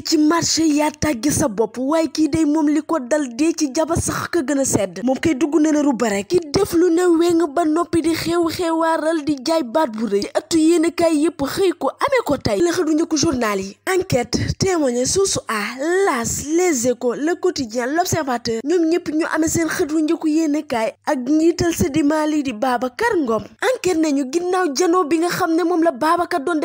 dee ci marché yaa tàggi sa bopp waaye kii day moom li ko dal dee ci jaba sax ka gën a sedd moom kay dugg na ne ru ki def lu ne weng ba noppi di xew xewaaral di jaay baat bu rëy ëttu yéenekaay yépp xëy ko amee ko tey la xëdu njëkk journal yi enquête témoigné suusu a las les échos le quotidien l'observateur ñoom ñëpp ñu amee seen xëdu njëkku yéenekaay ak njiital sédiment lii di Babacar Ngom enquête nañu ginnaaw janoo bi nga xam ne moom la Babacar doon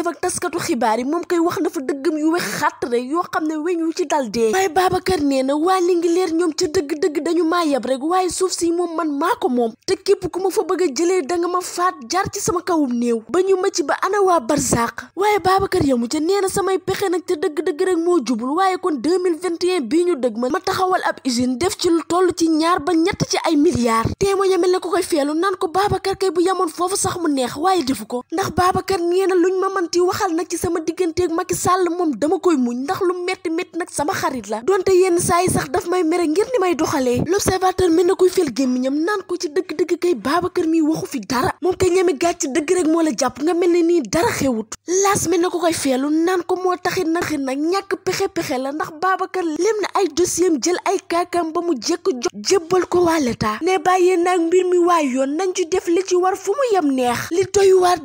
xam ne weñ wu ci dal dee bay Babacar nee na waa leer ñoom ca dëgg-dëgg dañu maa yab rek waaye suuf si moom man maa ko moom te képp ku ma fa bëgg a jëlee da ma faat jar ci sama kawum néew ba ñu ma ci ba ana waa Barzak waaye Babacar yamu ca nee na samay pexe nag te dëgg-dëgg moo jubul waaye kon 2021 bii ñu dëgg ma ma taxawal ab usine def ci lu toll ci ñaar ba ñett ci ay milliards téemo ñamel ne ko koy feelu naan ko Babacar kay bu yamoon foofu sax mu neex waaye defu ko ndax Babacar nee na ñu ma man mënti waxal nag ci sama digganteeg Macky Sall moom dama koy muñ lu métti métti nag sama xarit la donte yenn saa yi sax daf may mere ngir ni may doxalee l'observateur mel na kuy fel gémmiñam naan ko ci dëgg-dëgg kay Babacar mi waxu fi dara moom kay ñeme gàcc ci dëgg rek moo la jàpp nga mel ne nii dara xewut laas mel na ko koy feelu naan ko moo taxit nag xit nag ñàkk pexe-pexe la ndax baaba Babacar lem na ay dossier am jël ay kaakam ba mu jekk jox jébbal ko waa ne bàyyee naag mbir mi waaye yoon nañ ci def li ci war fu mu yem li doy waar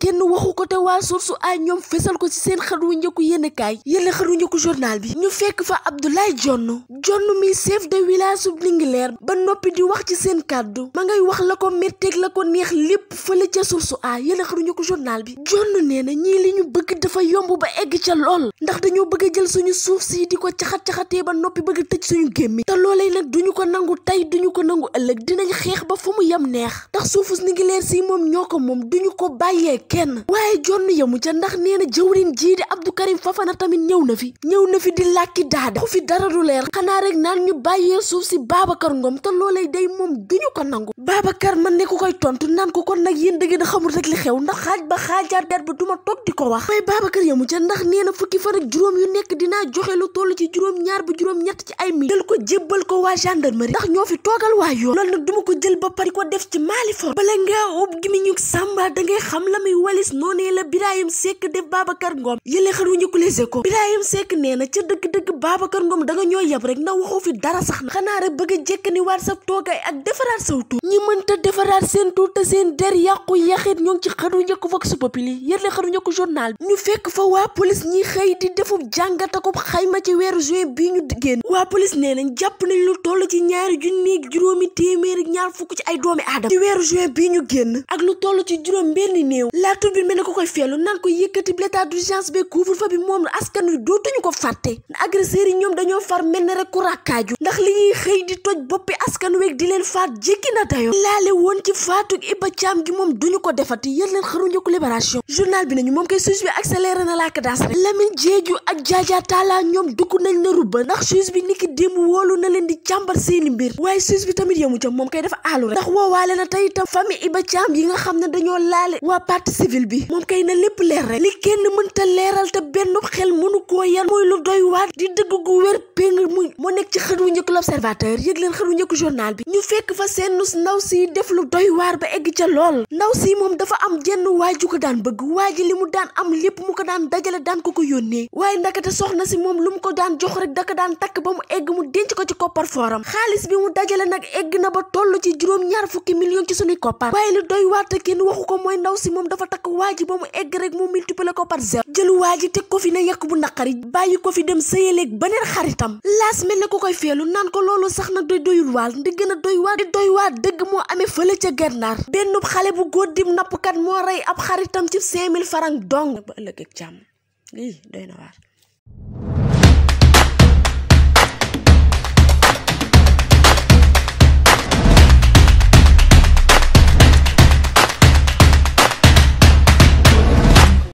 kenn waxu ko te waa source ay ñoom fesal ko ci seen xët wu njëkku boppu bi ñu fekk fa Abdoulaye Jonn Jonn mi chef de village su Ndingler ba noppi di wax ci seen kàddu ma ngay wax la ko métteeg la ko neex lépp fële ca suuf su a yéen a xaruñu ko journal bi Jonn nee na ñii li ñu bëgg dafa yomb ba egg ca lool ndax dañoo bëgg a jël suñu suuf sii di ko caxat-caxatee ba noppi bëgg a tëj suñu gémmi te loolee nag duñu ko nangu tey duñu ko nangu ëllëg dinañ xeex ba fu mu yem neex ndax suufu Ndingler si moom ñoo ko moom duñu ko bàyyee kenn waaye Jonn yamu ca ndax nee na jëwrin jii di Abdou Karim Fafana tamit ñëw na fi ñëw na fi di làkki daada fi dara lu leer xanaa rek naan ñu bàyyee suuf si Babacar Ngom te lay day moom duñu ko nangu Babacar man ne koy tontu naan ko kon nag yéen da ngeen a xamul rek li xew ndax xaaj ba xaajaat der ba duma toog di ko wax waaye Babacar yamu ca ndax nee na fukki fan ak juróom nekk dinaa joxe lu ci juróom-ñaar ba juróom-ñett ci ay mi jël ko jébbal ko waa gendarmerie ndax ñoo fi toogal waa yoon loolu nag duma ko jël ba pari ko def ci maali for bala ngaa ub gi mi ñu sàmba da ngay xam la muy walis noonee la Birahim Seck def Babacar Ngom yëlee xan wu ñu ko Seck ca dëgg-dëgg Babacar Ngom da nga ñoo yab rek ndax waxu fi dara sax na xanaa rek bëgg a jekkani waat sa toogaay ak defaraat saw tuur ñi mënta defaraat seen tuur te seen der yàqu yaxit ñoo ngi ci xaru njëkk Vox Populi yër leen xaru njëkk journal bi ñu fekk fa waa police ñiy xëy di defub jàngatakub xayma ci weeru juin bii ñu génn waa police nee jàpp nañ lu toll ci ñaari junni juróomi téeméeri ñaar fukk ci ay doomi aadama ci weeru juin bii ñu génn ak lu toll ci juróom benn néew laa tur bi ko koy leen ko fàtte agresseurs yi ñoom dañoo far mel ne rek ku ndax li ñuy xëy di toj boppi askan weeg di leen faat jéggi na dayo laale woon ci faatug Iba Caam ko defati yéen leen xaru njëkku bi nañu moom koy juge bi accéléré na laa kadaas bi niki na leen di càmbar seeni mbir bi tamit yemu ca moom koy dafa aalu rek ndax woowaale na tey itam famille Iba Caam yi nga xam ne dañoo laale waa partie civile bi moom kay na lépp leer rek li kenn mënta leeral te benn xel mënu koo yan mooy lu doy waat di dëgg gu wér péng mu moo nekk ci xët wu njëkk l'observateur yëg leen xët wu njëkk journal bi ñu fekk fa seen ndaw si def lu doy waar ba egg ca lool ndaw si moom dafa am jenn waaju ko daan bëgg waa ji li mu daan am lépp mu daan dajale daan ko ko yónnee waaye ndakate soxna si moom lu mu ko daan jox rek da ko daan takk ba mu egg mu denc ko ci koppar fooram xaalis bi mu dajale nag egg na ci juróom-ñaar fukki million ci sunuy koppar waaye lu doy waar te kenn ko mooy ndaw si moom dafa takk waa ji ba mu egg rek waa ji teg ko fi ne yàq bu naqari bàyyi ko fi dem sëyaleeg beneen xaritam laas mel ne ku koy feelu naan ko loolu sax na doy doyul waal di gën a doy waa doy waar dëgg moo amee fële ca gennaar benn xale bu góor di nappkat moo rey ab xaritam ci 5000 francs dong ba ëllëg ak jàmm lii doy na waar